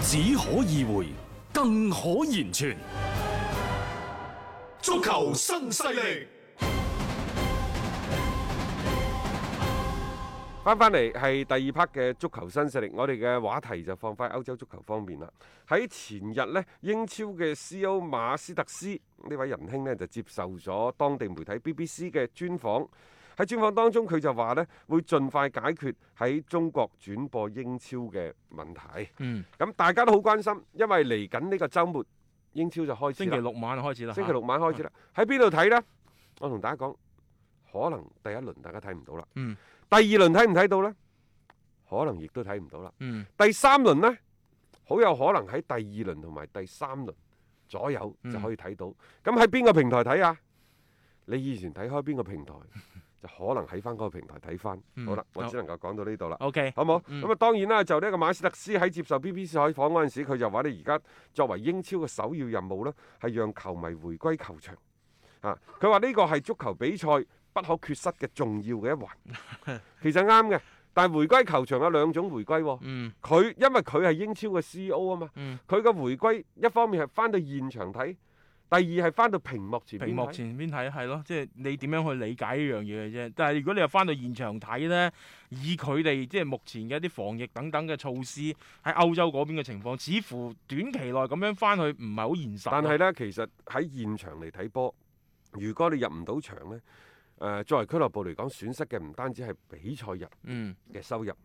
只可意會，更可言傳。足球新勢力翻翻嚟，係第二 part 嘅足球新勢力。我哋嘅話題就放翻歐洲足球方面啦。喺前日呢，英超嘅 CEO 馬斯特斯呢位仁兄呢，就接受咗當地媒體 BBC 嘅專訪。喺專訪當中，佢就話呢會盡快解決喺中國轉播英超嘅問題。嗯，咁大家都好關心，因為嚟緊呢個周末英超就開始啦。星期六晚開始啦，星期六晚開始啦。喺邊度睇呢？我同大家講，可能第一輪大家睇唔到啦。嗯。第二輪睇唔睇到呢？可能亦都睇唔到啦。嗯。第三輪呢，好有可能喺第二輪同埋第三輪左右就可以睇到。咁喺邊個平台睇啊？你以前睇開邊個平台？ 就可能喺翻嗰個平台睇翻，好啦，嗯、我只能夠講到呢度啦。O K，、嗯、好冇？咁啊、嗯，當然啦，就呢個馬斯特斯喺接受 B B C 採訪嗰陣時，佢就話：你而家作為英超嘅首要任務呢，係讓球迷回歸球場。啊，佢話呢個係足球比賽不可缺失嘅重要嘅一環。 其實啱嘅，但係回歸球場有兩種回歸、哦。嗯。佢因為佢係英超嘅 C E O 啊嘛。佢嘅、嗯、回歸一方面係翻到現場睇。第二係翻到屏幕前面，屏幕前邊睇，係咯，即係你點樣去理解呢樣嘢啫。但係如果你又翻到現場睇呢，以佢哋即係目前嘅一啲防疫等等嘅措施，喺歐洲嗰邊嘅情況，似乎短期內咁樣翻去唔係好現實。但係呢，其實喺現場嚟睇波，如果你入唔到場呢，誒、呃、作為俱樂部嚟講，損失嘅唔單止係比賽日嗯嘅收入，嗯、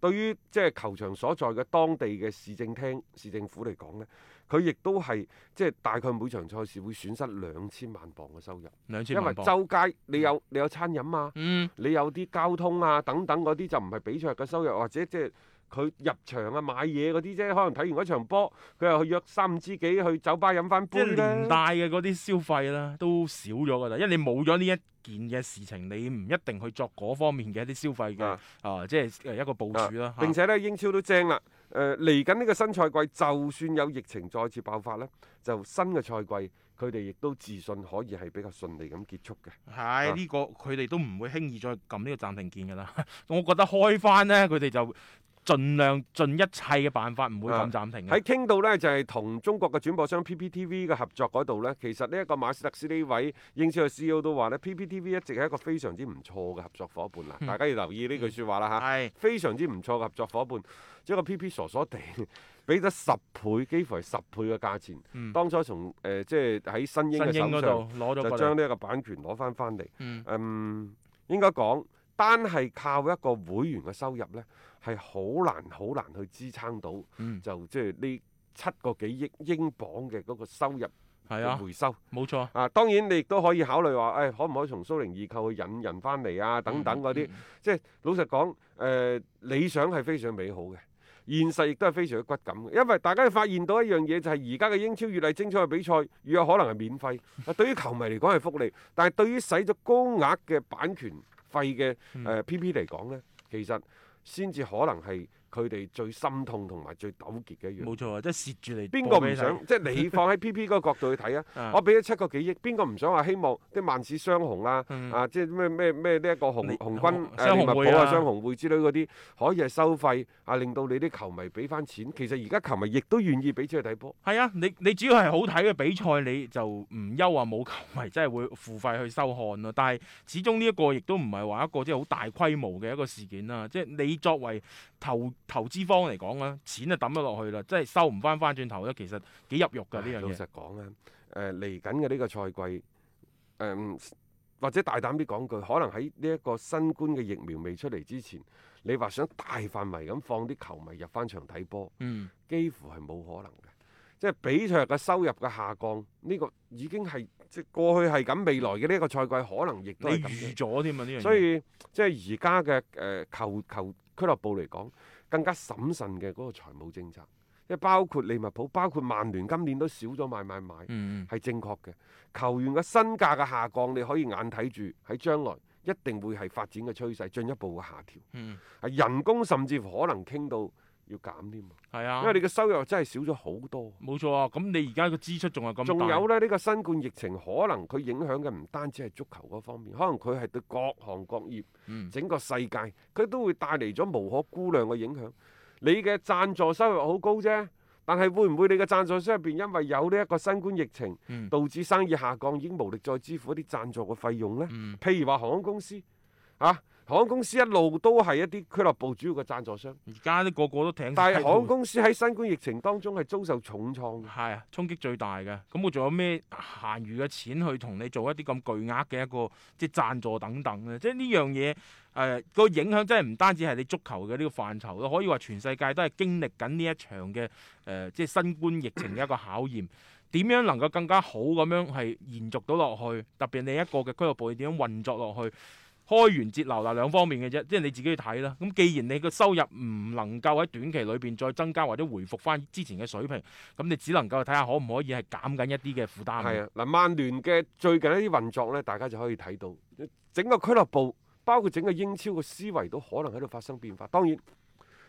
對於即係球場所在嘅當地嘅市政廳、市政府嚟講呢。佢亦都係即係大概每場賽事會損失兩千萬磅嘅收入。兩千萬，因為周街你有你有餐飲啊，嗯、你有啲交通啊等等嗰啲就唔係比賽嘅收入，或者即係佢入場啊買嘢嗰啲啫。可能睇完嗰場波，佢又去約三五知己去酒吧飲翻杯連帶嘅嗰啲消費啦都少咗㗎啦，因為你冇咗呢一件嘅事情，你唔一定去作嗰方面嘅一啲消費嘅啊，即係、啊就是、一個部署啦、啊啊。並且咧，英超都精啦。啊誒嚟緊呢個新賽季，就算有疫情再次爆發呢，就新嘅賽季，佢哋亦都自信可以係比較順利咁結束嘅。係呢、哎啊呢個佢哋都唔會輕易再撳呢個暫停鍵㗎啦。我覺得開翻呢，佢哋就。盡量盡一切嘅辦法，唔會咁暫停喺傾、啊、到呢，就係、是、同中國嘅轉播商 PPTV 嘅合作嗰度呢。其實呢一個馬斯特斯位呢位英超 CEO 都話呢 PPTV 一直係一個非常之唔錯嘅合作伙伴啊！嗯、大家要留意呢句説話啦嚇，係、嗯、非常之唔錯嘅合作伙伴。將、嗯、個 PP 傻傻地俾得十倍，幾乎係十倍嘅價錢。嗯、當初從誒、呃、即係喺新英嘅手上攞咗，就將呢一個版權攞翻翻嚟。嗯，嗯，應該講單係靠一個會員嘅收入呢。嗯嗯係好難、好難去支撐到，嗯、就即係呢七個幾億英鎊嘅嗰個收入係啊回收冇錯啊，啊。當然你亦都可以考慮話，誒、哎、可唔可以從蘇寧易購去引人翻嚟啊等等嗰啲。嗯嗯、即係老實講，誒、呃、理想係非常美好嘅，現實亦都係非常嘅骨感嘅，因為大家發現到一樣嘢，就係而家嘅英超越嚟精彩嘅比賽，越有可能係免費。嗯、對於球迷嚟講係福利，但係對於使咗高額嘅版權費嘅誒 P.P 嚟講呢，其實。先至可能係。佢哋最心痛同埋最糾結嘅一樣，冇錯啊！即係蝕住你，邊個唔想？ 即係你放喺 PP 嗰個角度去睇啊！ 我俾咗七個幾億，邊個唔想話希望啲曼市雙雄啊？ 啊，即係咩咩咩呢一個紅紅軍、紅物寶啊、啊雙紅會之類嗰啲，可以係收費啊，令到你啲球迷俾翻錢。其實而家球迷亦都願意俾錢去睇波。係啊，你你主要係好睇嘅比賽，你就唔憂話冇球迷真係會付費去收看啊。但係始終呢一個亦都唔係話一個即係好大規模嘅一個事件啦。即係你作為投。投資方嚟講啊，錢就抌咗落去啦，即係收唔翻翻轉頭咧，其實幾入肉㗎呢樣嘢。老實講咧，誒嚟緊嘅呢個賽季，誒或者大膽啲講句，可能喺呢一個新冠嘅疫苗未出嚟之前，你話想大範圍咁放啲球迷入翻場睇波，嗯，幾乎係冇可能嘅。即係比賽嘅收入嘅下降，呢個已經係即係過去係咁，未來嘅呢個賽季可能亦都係咁。你預咗添啊，呢樣，所以即係而家嘅誒球球俱樂部嚟講。更加審慎嘅嗰個財務政策，即包括利物浦、包括曼聯，今年都少咗買買買，係、嗯、正確嘅。球員嘅身價嘅下降，你可以眼睇住喺將來一定會係發展嘅趨勢，進一步嘅下調。嗯、人工甚至乎可能傾到。要減添嘛，啊、因為你嘅收入真係少咗好多。冇錯啊，咁你而家嘅支出仲係咁大。仲有咧，呢、呢個新冠疫情可能佢影響嘅唔單止係足球嗰方面，可能佢係對各行各業、嗯、整個世界，佢都會帶嚟咗無可估量嘅影響。你嘅贊助收入好高啫，但係會唔會你嘅贊助商入邊因為有呢一個新冠疫情，嗯、導致生意下降，已經無力再支付一啲贊助嘅費用呢？譬、嗯、如話航空公司，嚇、啊。航空公司一路都係一啲俱樂部主要嘅讚助商，而家都個個都挺。但係航空公司喺新冠疫情當中係遭受重創，係啊，衝擊最大嘅。咁我仲有咩閒餘嘅錢去同你做一啲咁巨額嘅一個即係讚助等等咧？即係呢樣嘢誒，呃這個影響真係唔單止係你足球嘅呢個範疇咯，可以話全世界都係經歷緊呢一場嘅誒、呃，即係新冠疫情嘅一個考驗。點 樣能夠更加好咁樣係延續到落去？特別你一個嘅俱樂部點樣運作落去？開源節流嗱，兩方面嘅啫，即係你自己去睇啦。咁既然你個收入唔能夠喺短期裏邊再增加或者回復翻之前嘅水平，咁你只能夠睇下可唔可以係減緊一啲嘅負擔。係啊，嗱，曼聯嘅最近一啲運作咧，大家就可以睇到整個俱樂部，包括整個英超嘅思維都可能喺度發生變化。當然，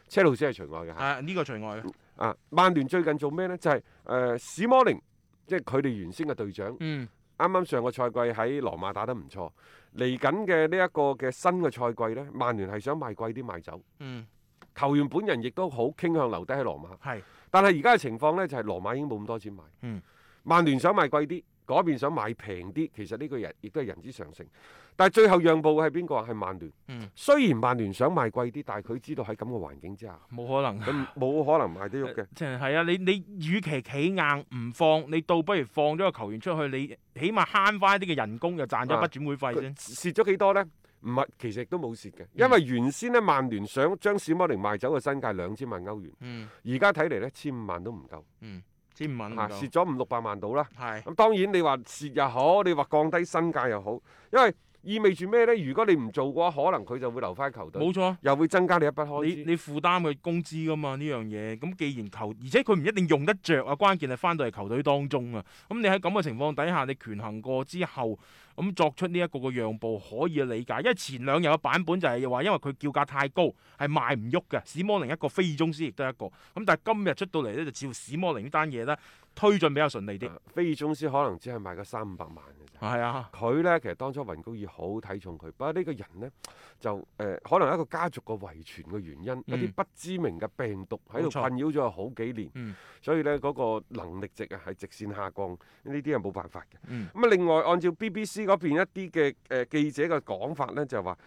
車路士係除外嘅吓。啊，呢個除外啊。啊，曼聯最近做咩咧？就係誒史摩寧，即係佢哋原先嘅隊長。嗯。啱啱上個賽季喺羅馬打得唔錯。嚟緊嘅呢一個嘅新嘅賽季呢，曼聯係想賣貴啲賣走，嗯、球員本人亦都好傾向留低喺羅馬。係是，但係而家嘅情況呢，就係、是、羅馬已經冇咁多錢買，嗯、曼聯想賣貴啲。嗰邊想買平啲，其實呢個人亦都係人之常情。但係最後讓步係邊個？係曼聯。嗯、雖然曼聯想賣貴啲，但係佢知道喺咁嘅環境之下，冇可能、啊。冇可能賣得喐嘅。係啊，啊，你你與其企硬唔放，你倒不如放咗個球員出去，你起碼慳翻一啲嘅人工，又賺咗一筆轉會費。蝕咗幾多呢？唔係，其實都冇蝕嘅，因為原先咧曼聯想將史馬寧賣走嘅身價兩千萬歐元。嗯。而家睇嚟呢，千五萬都唔夠。嗯。蝕咗五六百萬到啦，咁係當然你話蝕又好，你話降低身價又好，因為。意味住咩咧？如果你唔做嘅話，可能佢就會留翻球隊，冇錯，又會增加你一筆開支。你你負擔佢工資噶嘛呢樣嘢？咁既然球，而且佢唔一定用得着，啊。關鍵係翻到嚟球隊當中啊。咁你喺咁嘅情況底下，你權衡過之後，咁作出呢一個個讓步可以理解。因為前兩日嘅版本就係話，因為佢叫價太高，係賣唔喐嘅。史摩寧一個菲爾鍾斯亦都一個。咁但係今日出到嚟咧，就似乎史摩寧呢單嘢咧推進比較順利啲。菲爾鍾斯可能只係賣個三五百萬。係啊，佢咧其實當初雲高爾好睇重佢，不過呢個人呢，就誒、呃、可能一個家族個遺傳嘅原因，有啲、嗯、不知名嘅病毒喺度困擾咗佢好幾年，嗯、所以呢，嗰、嗰個能力值啊係直線下降，呢啲係冇辦法嘅。咁啊、嗯、另外按照 BBC 嗰邊一啲嘅誒記者嘅講法呢，就係話。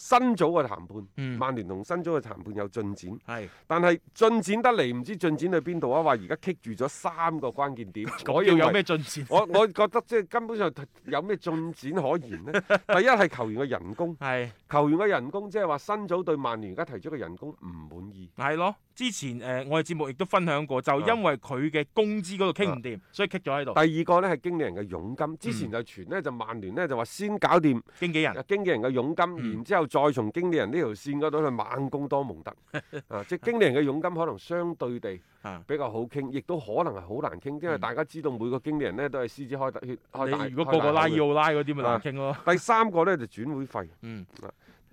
新組嘅談判，曼聯同新組嘅談判有進展，嗯、但係進展得嚟唔知進展去邊度啊！話而家棘住咗三個關鍵點，嗰樣有咩進展？我我，我覺得即係根本上有咩進展可言呢？ 第一係球員嘅人工，是球員嘅人工即係話新組對曼聯而家提出嘅人工唔滿意，係咯？之前誒、呃、我哋節目亦都分享過，就因為佢嘅工資嗰度傾唔掂，嗯、所以棘咗喺度。第二個呢係經理人嘅佣金，之前就傳呢，就曼聯呢就話先搞掂經紀人，經紀人嘅佣金，然後、嗯、之後。再從經理人呢條線嗰度去猛攻多蒙特 啊！即係經理人嘅佣金可能相對地比較好傾，亦都可能係好難傾，因為大家知道每個經理人呢都係獅子開大口，你如果個個拉要拉嗰啲咪難傾咯，啊。第三個呢就轉、是、會費， 嗯、啊，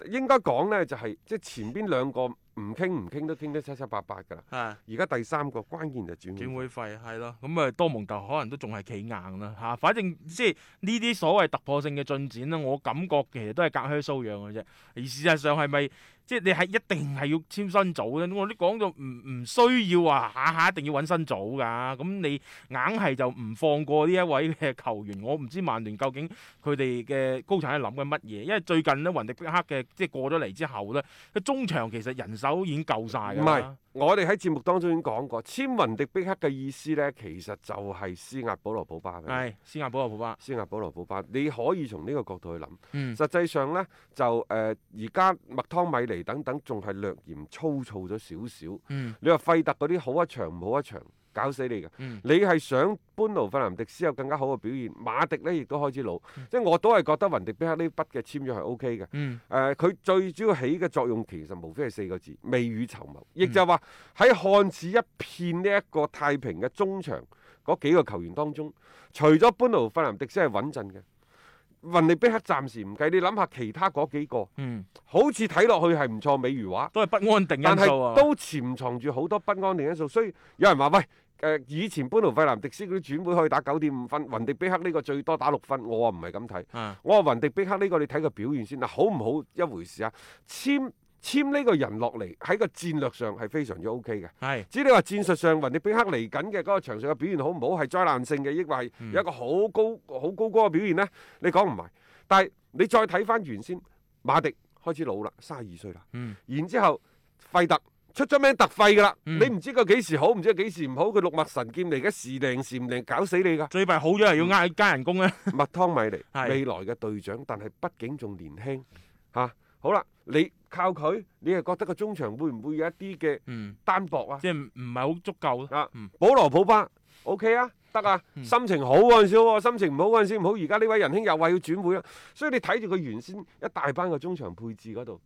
應該講呢就係即係前邊兩個。唔傾唔傾都傾得七七八八㗎啦，而家的第三個關鍵就轉會費，係咯，咁啊多蒙特可能都仲係企硬啦嚇，反正即係呢啲所謂突破性嘅進展咧，我感覺其實都係隔靴搔癢嘅啫，而事實上係咪？即係你係一定係要簽新組咧，我都講到唔唔需要話，下下一定要揾新組噶。咁你硬係就唔放過呢一位嘅球員，我唔知曼聯究竟佢哋嘅高層喺度諗緊乜嘢。因為最近咧雲迪碧克嘅即係過咗嚟之後咧，佢中場其實人手已經夠晒噶。我哋喺節目當中已經講過，簽雲迪碧克嘅意思呢，其實就係施壓保羅保巴嘅。係施壓保羅保巴。施壓保羅保巴，你可以從呢個角度去諗。嗯、實際上呢，就誒而家麥湯米尼等等仲係略嫌粗糙咗少少。嗯、你話費特嗰啲好一場唔好一場。搞死你嘅！嗯、你係想班奴費南迪斯有更加好嘅表現？馬迪呢亦都開始老，嗯、即係我都係覺得雲迪比克呢筆嘅簽約係 O K 嘅。誒、嗯，佢、呃、最主要起嘅作用其實無非係四個字：未雨綢繆。亦就話喺看似一片呢一個太平嘅中場嗰幾個球員當中，除咗班奴費南迪斯係穩陣嘅，雲迪比克暫時唔計，你諗下其他嗰幾個，嗯、好似睇落去係唔錯美如畫，但是 都係不安定因素啊！但都潛藏住好多不安定因素，所以有人話：喂！喂喂誒，以前般奴費南迪斯嗰啲轉會可以打九點五分，雲迪比克呢個最多打六分，我話唔係咁睇。啊、我話雲迪比克呢、呢個你睇個表現先，嗱好唔好一回事啊？簽簽呢個人落嚟喺個戰略上係非常之 OK 嘅，係是。只你話戰術上雲迪比克嚟緊嘅嗰個場上嘅表現好唔好係災難性嘅，亦或係有一個好高好、嗯、高個表現呢？你講唔係？但係你再睇翻原先馬迪開始老啦，卅二歲啦，嗯、然之後費特。出咗名特費噶啦，嗯、你唔知佢幾時好，唔知佢幾時唔好。佢六脈神劍嚟嘅，時定時唔定，搞死你噶！最弊好咗，又要嗌加人工咧、啊。麥、嗯、湯米尼，的未來嘅隊長，但係畢竟仲年輕嚇、啊。好啦，你靠佢，你係覺得個中場會唔會有一啲嘅單薄啊？嗯、即係唔係好足夠咯？啊，保、嗯、羅普巴，OK 啊，得啊，心情好嗰陣時，心情唔好嗰陣時唔好。而家呢位仁兄又話要轉會啊，所以你睇住佢原先一大班嘅中場配置嗰度。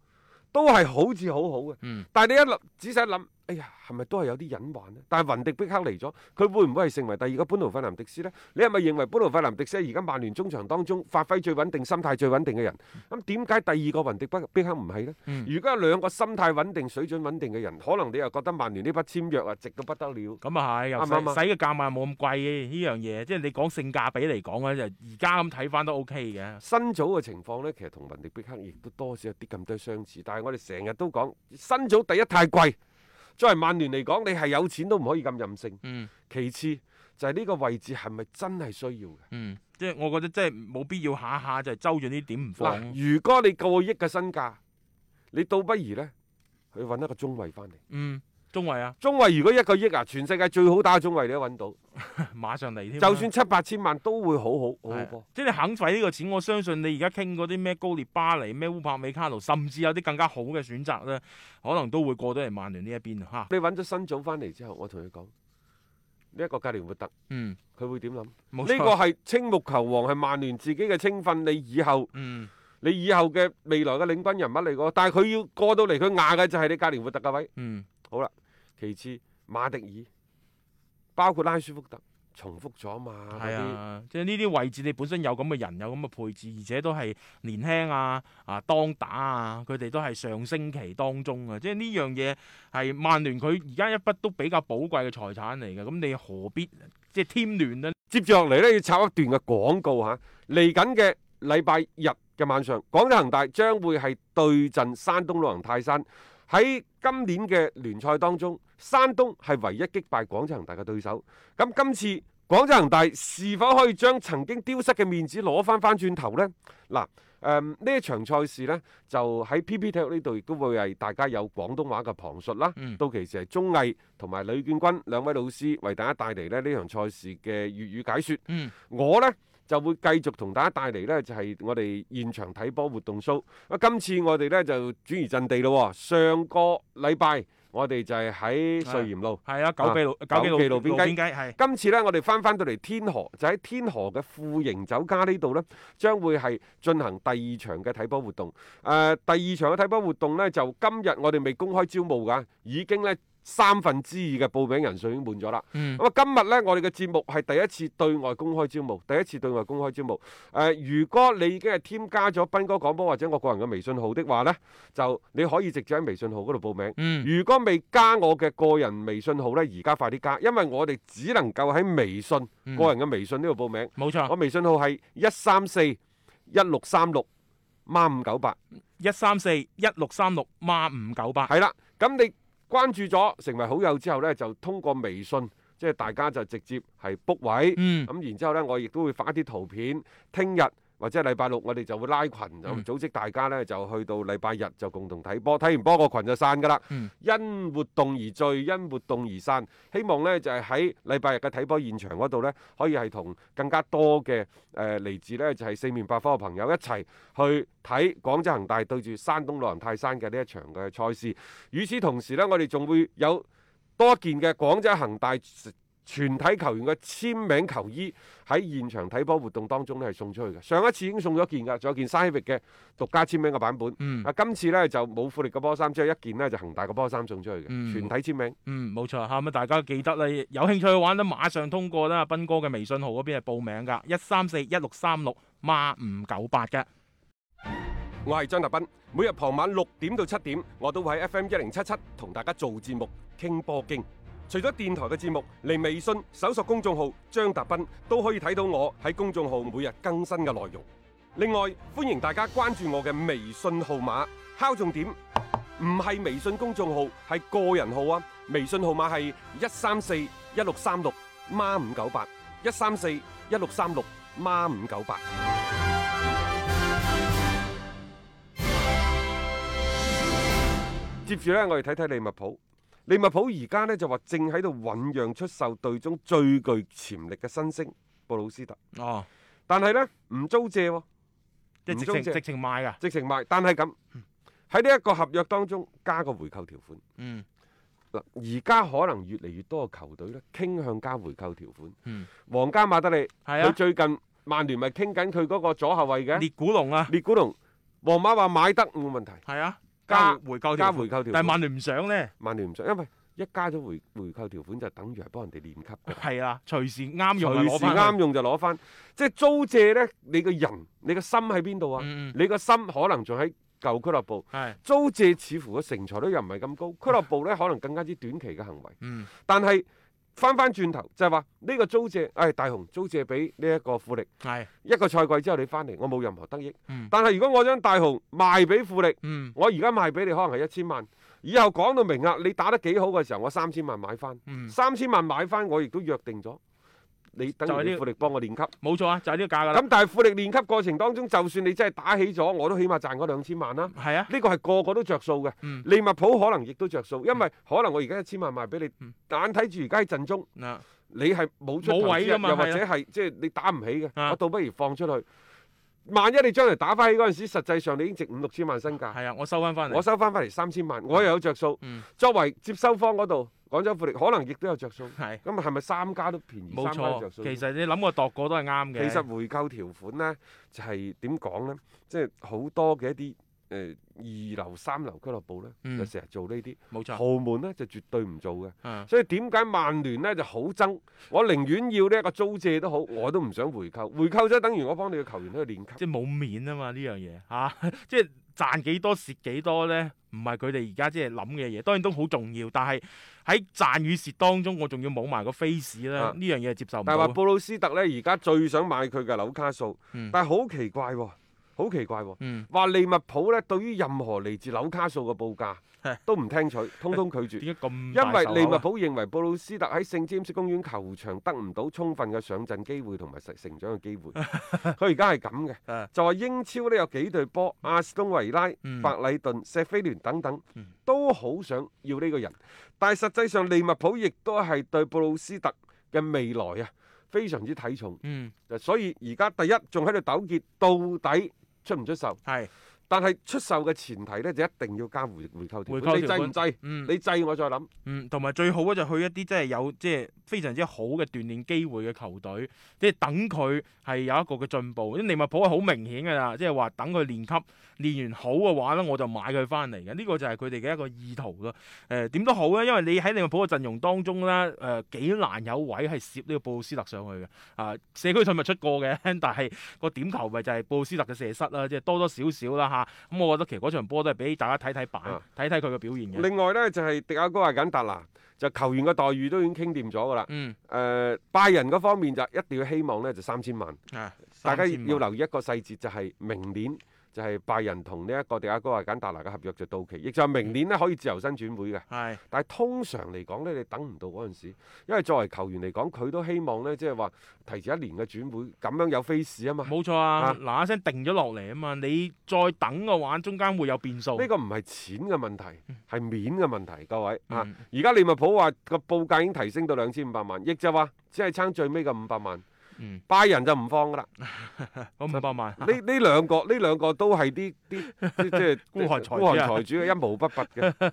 都係好似好好嘅，嗯，但係你一諗，仔細一諗。哎呀，係咪都係有啲隱患咧？但係雲迪碧克嚟咗，佢會唔會係成為第二個般奴費南迪斯咧？你係咪認為般奴費南迪斯係而家曼聯中場當中發揮最穩定、心態最穩定嘅人？咁點解第二個雲迪碧克唔係咧？如果有兩個心態穩定、水準穩定嘅人，可能你又覺得曼聯呢筆簽約啊值到不得了。咁啊係，又使使嘅價碼冇咁貴呢樣嘢，即係你講性價比嚟講咧，就而家咁睇翻都 OK 嘅。辛祖嘅情況咧，其實同雲迪碧克亦都多少有啲咁多相似，但係我哋成日都講辛祖第一太貴。作為曼聯嚟講，你係有錢都唔可以咁任性。嗯，其次就係、是、呢個位置係咪真係需要嘅？嗯，即係我覺得即係冇必要下下就係周轉呢點唔放。嗱，如果你過億嘅身價，你倒不如咧去搵一個中衛翻嚟。嗯。中衛啊，中衛如果一個億啊，全世界最好打嘅中衛你都揾到， 馬上嚟添、啊。就算七八千萬都會好好好好，即係你肯使呢個錢，我相信你而家傾嗰啲咩高列巴黎、咩烏柏美卡羅，甚至有啲更加好嘅選擇咧，可能都會過到嚟曼聯呢一邊吓。 你揾咗新祖翻嚟之後，我同你講，呢、這、一個格連活特，嗯，佢會點諗？呢錯個係青木球王，係曼聯自己嘅青訓，你以後，嗯，你以後嘅未來嘅領軍人物嚟個，但係佢要過到嚟佢亞嘅就係你格連活特嘅位，嗯，好啦。其次，馬迪爾包括拉舒福特重複咗嘛？係啊，即係呢啲位置你本身有咁嘅人，有咁嘅配置，而且都係年輕啊啊，當打啊，佢哋都係上升期當中嘅、啊。即係呢樣嘢係曼聯佢而家一筆都比較寶貴嘅財產嚟嘅。咁你何必即係、就是、添亂、啊、呢？接住落嚟咧，要插一段嘅廣告嚇、啊。嚟緊嘅禮拜日嘅晚上，廣州恒大將會係對陣山東魯能泰山。喺今年嘅聯賽當中，山東係唯一擊敗廣州恒大嘅對手。咁今次廣州恒大是否可以將曾經丟失嘅面子攞翻翻轉頭呢？嗱、啊，呢、嗯、一場賽事呢，就喺 PPTV 呢度亦都會係大家有廣東話嘅旁述啦。嗯、到其時係鐘毅同埋李建軍兩位老師為大家帶嚟呢呢場賽事嘅粵語解説。嗯、我呢。就會繼續同大家帶嚟呢，就係、是、我哋現場睇波活動 show。啊，今次我哋呢，就轉移陣地咯、哦。上個禮拜我哋就係喺穗鹽路，係啊，九備比、啊、路、九比路邊街。街街今次呢，我哋翻翻到嚟天河，就喺天河嘅富盈酒家呢度呢，將會係進行第二場嘅睇波活動。誒、啊，第二場嘅睇波活動呢，就今日我哋未公開招募㗎，已經呢。三分之二嘅報名人數已經滿咗啦。咁啊，今日咧，我哋嘅節目係第一次對外公開招募，第一次對外公開招募。誒，如果你已經係添加咗斌哥講波或者我個人嘅微信號的話咧，就你可以直接喺微信號嗰度報名。如果未加我嘅個人微信號咧，而家快啲加，因為我哋只能夠喺微信個人嘅微信呢度報名。冇錯，我微信號係一三四一六三六孖五九八。一三四一六三六孖五九八。係啦，咁你。關注咗成為好友之後呢，就通過微信，即係大家就直接係 book 位。咁、嗯嗯、然之後呢，我亦都會發一啲圖片，聽日。或者係禮拜六，我哋就會拉群，就組織大家呢，就去到禮拜日就共同睇波。睇完波個群就散噶啦。因活動而聚，因活動而散。希望呢，就係喺禮拜日嘅睇波現場嗰度呢，可以係同更加多嘅誒嚟自呢，就係四面八方嘅朋友一齊去睇廣州恒大對住山東魯能泰山嘅呢一場嘅賽事。與此同時呢，我哋仲會有多一件嘅廣州恒大。全體球員嘅簽名球衣喺現場睇波活動當中咧係送出去嘅，上一次已經送咗件噶，仲有件西域嘅獨家簽名嘅版本。啊、嗯，今次呢就冇富力嘅波衫，只有一件呢就恒大嘅波衫送出去嘅，全體簽名。嗯、冇、嗯、錯，吓咁、嗯、大家記得啦，有興趣去玩咧，馬上通過啦，斌哥嘅微信號嗰邊係報名噶，一三四一六三六孖五九八嘅。我係張達斌，每日傍晚六點到七點，我都會喺 FM 一零七七同大家做節目，傾波經。除咗電台嘅節目，嚟，微信搜索公眾號張達斌都可以睇到我喺公眾號每日更新嘅內容。另外，歡迎大家關注我嘅微信號碼，敲重點，唔係微信公眾號，係個人號啊！微信號碼係一三四一六三六孖五九八一三四一六三六孖五九八。接住咧，我哋睇睇利物浦。利物浦而家呢就話正喺度醞釀出售隊中最具潛力嘅新星布魯斯特哦，但係呢，唔租借喎，直情直情賣㗎，直情賣，但係咁喺呢一個合約當中加個回購條款。嗯，嗱而家可能越嚟越多嘅球隊呢傾向加回購條款。皇家馬德里係啊，佢最近曼聯咪傾緊佢嗰個左後衞嘅列古龍啊，列古龍，皇馬話買得冇問題，係啊。加，加回購條款，加回購條，但係曼聯唔想咧。曼聯唔想，因為一加咗回回購條款，就等於係幫人哋練級。係啊，隨時啱用就攞，隨時啱用就攞翻。即係租借咧，你個人、你個心喺邊度啊？嗯、你個心可能仲喺舊俱樂部。係是租借似乎嘅成才率又唔係咁高，俱樂、嗯、部咧可能更加之短期嘅行為。嗯，但係。翻翻轉頭就係話呢個租借，哎大雄租借俾呢一個富力，係是一個賽季之後你翻嚟，我冇任何得益。嗯，但係如果我將大雄賣俾富力，嗯，我而家賣俾你可能係一千萬，以後講到明啊，你打得幾好嘅時候，我三千萬買翻，嗯，三千萬買翻我亦都約定咗。你等啲富力幫我練級，冇錯啊，就係呢個價噶啦。咁但係富力練級過程當中，就算你真係打起咗，我都起碼賺嗰兩千萬啦。係啊，呢個係個個都着數嘅。利物浦可能亦都着數，因為可能我而家一千萬賣俾你，眼睇住而家係陣中，你係冇位㗎嘛。又或者係即係你打唔起嘅，我倒不如放出去。萬一你將來打翻起嗰陣時，實際上你已經值五六千萬身價。係啊，我收翻翻嚟，我收翻翻嚟三千萬，我又有着數。作為接收方嗰度。廣州富力可能亦都有著數，咁係咪三家都便宜？三家著數。其實你諗個度過都係啱嘅。其實回購條款咧，就係點講咧？即係好多嘅一啲誒、呃、二流、三流俱樂部咧，就成日做呢啲。冇、嗯、錯。豪門咧就絕對唔做嘅。嗯、所以點解曼聯咧就好憎？我寧願要呢一個租借都好，我都唔想回購。回購咗、即係，等於我幫你嘅球員去練級、啊。即係冇面啊嘛！呢樣嘢嚇，即係。賺幾多蝕幾多咧？唔係佢哋而家即係諗嘅嘢，當然都好重要。但係喺賺與蝕當中，我仲要冇埋個 face 啦。呢、啊、樣嘢接受唔到。但係話布魯斯特咧，而家最想買佢嘅樓卡數，嗯、但係好奇怪喎、哦。好奇怪喎、哦！話、嗯、利物浦咧，對於任何嚟自紐卡素嘅報價都唔聽取，通通拒絕。 點解咁？因為利物浦認為布魯斯特喺聖詹姆斯公園球場得唔到充分嘅上陣機會同埋成成長嘅機會。佢而家係咁嘅，啊、就話英超咧，有幾隊波，阿士東維拉、白禮、嗯、頓、錫菲聯等等，都好想要呢個人。嗯、但係實際上利物浦亦都係對布魯斯特嘅未來啊非常之睇重。就、嗯、所以而家第一仲喺度糾結到底。出唔出售？係是，但係出售嘅前提咧，就一定要加回回購條款。回購條款你制唔制？嗯。你制我再諗。嗯。同埋最好咧就去一啲即係有即係、就是、非常之好嘅鍛鍊機會嘅球隊，即、就、係、是、等佢係有一個嘅進步。因為利物浦係好明顯㗎啦，即係話等佢練級。練完好嘅話咧，我就買佢翻嚟嘅。呢、這個就係佢哋嘅一個意圖咯。誒、呃、點都好咧，因為你喺利物浦嘅陣容當中咧，誒、呃、幾難有位係攝呢個布斯特上去嘅、呃。啊，社區賽咪出過嘅，但係個點球咪就係布斯特嘅射失啦，即係多多少少啦嚇。咁我覺得其實嗰場波都係俾大家睇睇版，睇睇佢嘅表現嘅。另外咧就係、是、迪亞哥亞簡達拿，就球員嘅待遇都已經傾掂咗噶啦。嗯、呃。拜仁嗰方面就一定要希望咧就、啊、三千萬。大家要留意一個細節就係、是、明年。就係拜仁同呢一個迪亞哥阿簡達拿嘅合約就到期，亦就係明年咧可以自由身轉會嘅。係、嗯，但係通常嚟講呢你等唔到嗰陣時，因為作為球員嚟講，佢都希望呢，即係話提前一年嘅轉會，咁樣有 face 啊嘛。冇錯啊，嗱一聲定咗落嚟啊嘛，你再等嘅話，中間會有變數。呢個唔係錢嘅問題，係面嘅問題，各位。啊，而家、嗯、利物浦話個報價已經提升到兩千五百萬，亦就話只係差最尾嘅五百萬。拜仁就唔放噶啦，我明白埋。呢呢兩個呢兩個都係啲啲即係孤寒財主嘅一毛不拔嘅。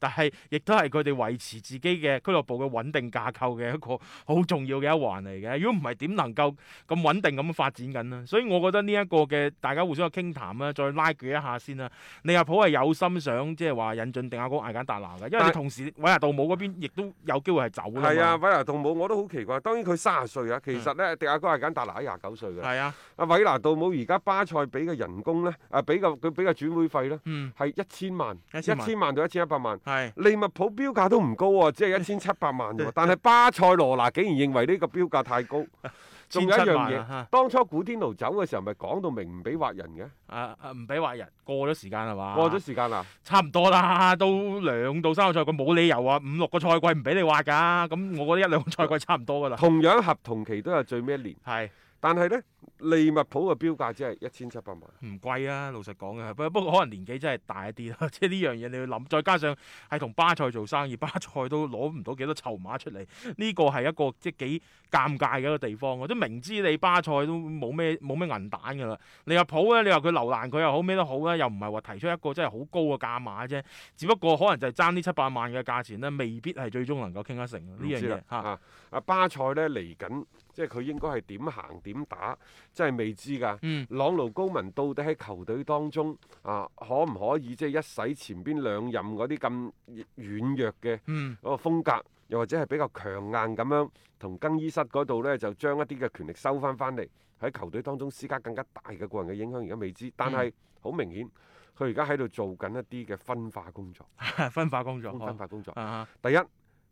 但係亦都係佢哋維持自己嘅俱樂部嘅穩定架構嘅一個好重要嘅一環嚟嘅。如果唔係，點能夠咁穩定咁發展緊啊？所以我覺得呢一個嘅大家互相傾談啦，再拉攏一下先啦、啊。李阿普係有心想即係話引進定阿哥艾簡達拿嘅，因為同時偉牙但杜姆嗰邊亦都有機會係走嘅。係啊，偉牙杜姆我都好奇怪。當然佢卅歲啊，其實咧。嗯迪亞哥係揀達拿喺廿九歲嘅。係啊，阿維拿杜姆而家巴塞俾嘅人工咧，啊俾個佢俾個轉會費咧，係、嗯、一千萬，一千萬到一千一百萬。係是利物浦標價都唔高啊、哦，只係一千七百萬啫。 但係巴塞羅拿竟然認為呢個標價太高。 仲有一樣嘢，啊、當初古天奴走嘅時候，咪講到明唔俾挖人嘅。啊啊，唔俾挖人，過咗時間係嘛？過咗時間啦。差唔多啦，都兩到三個賽季，冇理由話五六個賽季唔俾你挖㗎。咁我覺得一兩個賽季差唔多㗎啦。同樣合同期都係最尾一年。係是，但係咧。利物浦嘅標價只係一千七百萬，唔貴啊！老實講嘅，不過不過可能年紀真係大一啲啦。即係呢樣嘢你要諗，再加上係同巴塞做生意，巴塞都攞唔到幾多籌碼出嚟。呢、這個係一個即係幾尷尬嘅一個地方。即係明知你巴塞都冇咩冇咩銀彈㗎啦。利物浦咧，你話佢流難佢又好，咩都好咧，又唔係話提出一個真係好高嘅價碼啫。只不過可能就係爭呢七百萬嘅價錢咧，未必係最終能夠傾得成呢樣嘢。嚇！阿、啊、巴塞咧嚟緊。即係佢應該係點行點打，即係未知㗎。嗯、朗奴高文到底喺球隊當中啊，可唔可以即係、就是、一洗前邊兩任嗰啲咁軟弱嘅嗰個風格，嗯、又或者係比較強硬咁樣，同更衣室嗰度呢，就將一啲嘅權力收翻翻嚟，喺球隊當中施加更加大嘅個人嘅影響，而家未知。但係好明顯，佢而家喺度做緊一啲嘅分化工作。 分化工作，分化工作。第一。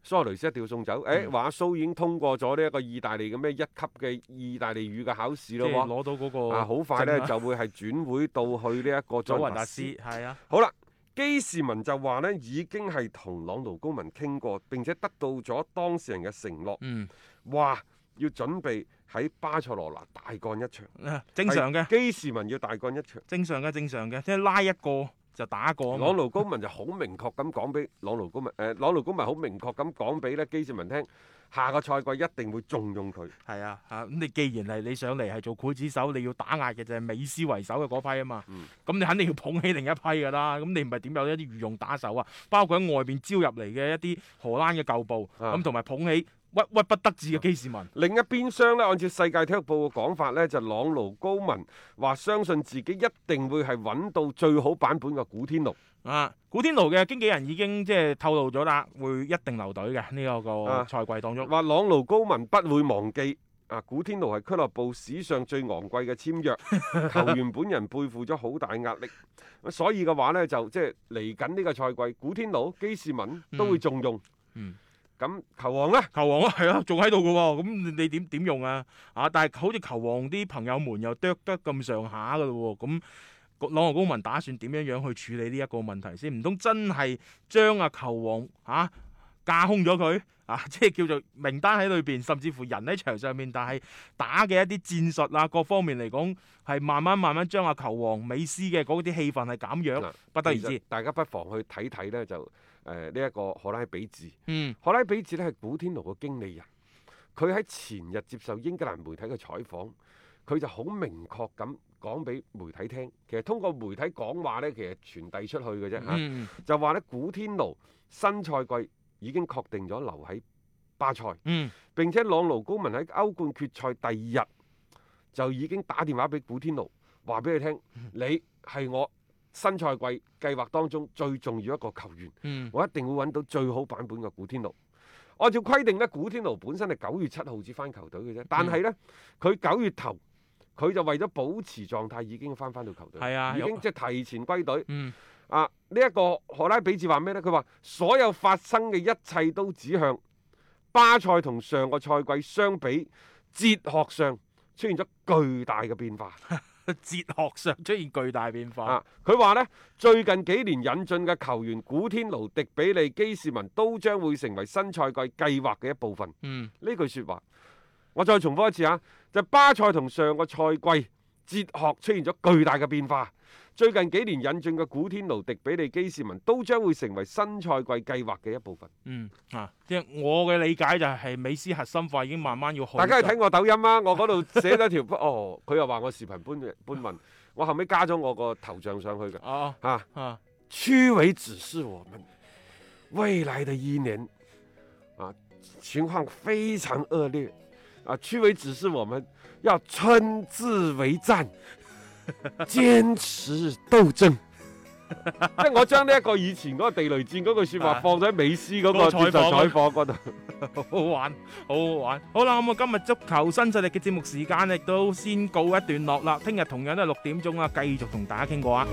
蘇亞雷斯一定要送走，誒、欸、話、啊、蘇已經通過咗呢一個意大利嘅咩一級嘅意大利語嘅考試咯，即攞到嗰個好、啊、快呢正確 就會係轉會到去呢一個。祖雲達斯係啊。好啦，基士文就話呢已經係同朗奴公民傾過，並且得到咗當事人嘅承諾，嗯，話要準備喺巴塞羅那大幹一場。正常嘅。基士文要大幹一場，正常嘅，正常嘅，即係拉一個。就打過朗奴高文就好明確咁講俾朗奴高文。誒、呃、朗奴高文好明確咁講俾咧基斯文聽，下個賽季一定會重用佢。係啊，嚇咁你既然係你上嚟係做劊子手，你要打壓嘅就係美斯為首嘅嗰批啊嘛。咁、嗯、你肯定要捧起另一批㗎啦。咁你唔係點有一啲御用打手啊？包括喺外邊招入嚟嘅一啲荷蘭嘅舊部，咁同埋捧起。屈屈不得志嘅基士文，另一邊廂呢，按照世界體育報嘅講法呢，就是、朗奴高文話相信自己一定會係揾到最好版本嘅古天奴啊！古天奴嘅經紀人已經即係透露咗啦，會一定留隊嘅呢、呢個個賽季當中。話、啊、朗奴高文不會忘記啊！古天奴係俱樂部史上最昂貴嘅簽約 球員，本人背負咗好大壓力，所以嘅話呢，就即係嚟緊呢個賽季，古天奴、基士文都會重用。嗯嗯咁球王咧，球王啊，係啊，仲喺度噶喎。咁你點點用啊？啊，但係好似球王啲朋友們又啄得咁上下噶咯喎。咁朗豪公民打算點樣樣去處理呢一個問題先？唔通真係將阿球王啊架空咗佢啊？即係叫做名單喺裏邊，甚至乎人喺場上面，但係打嘅一啲戰術啊，各方面嚟講係慢慢慢慢將阿、啊、球王美斯嘅嗰啲氣氛係減弱，不得而知。大家不妨去睇睇咧就。誒呢一個荷拉比治，嗯、荷拉比治咧係古天奴嘅經理人，佢喺前日接受英格蘭媒體嘅採訪，佢就好明確咁講俾媒體聽，其實通過媒體講話呢，其實傳遞出去嘅啫嚇，就話咧古天奴新賽季已經確定咗留喺巴塞，嗯、並且朗奴高文喺歐冠決賽第二日就已經打電話俾古天奴，話俾佢聽，嗯、你係我，新賽季計劃當中最重要一個球員，嗯、我一定會揾到最好版本嘅古天奴。按照規定咧，古天奴本身係九月七號至翻球隊嘅啫，嗯、但係呢，佢九月頭佢就為咗保持狀態，已經翻翻到球隊，嗯、已經即係、就是、提前歸隊。嗯、啊、呢、這、一個荷拉比治話咩呢？佢話所有發生嘅一切都指向巴塞同上個賽季相比，哲學上出現咗巨大嘅變化。 哲學上出現巨大變化。佢話咧，最近幾年引進嘅球員古天奴、迪比利、基士文都將會成為新賽季計劃嘅一部分。嗯，呢句說話，我再重複一次啊，就巴塞同上個賽季哲學出現咗巨大嘅變化。最近幾年引進嘅古天奴、迪比利、基士文都將會成為新賽季計劃嘅一部分。嗯啊，即、就、係、是、我嘅理解就係美斯核心化已經慢慢要去。大家去睇我抖音啦、啊，我嗰度寫咗條， 哦，佢又話我視頻搬搬文， 我後尾加咗我個頭像上去嘅。啊啊啊！區委、啊啊、指示我們未來的一年啊情況非常惡劣啊，區委指示，示我們要春至為戰。堅持鬥爭，即係我將呢一個以前嗰個地雷戰嗰句說話放咗喺美斯嗰個接受採訪嗰度，好玩，好好玩。好啦，咁我今日足球新勢力嘅節目時間亦都先告一段落啦，聽日同樣都係六點鐘啊，繼續同大家傾過啊。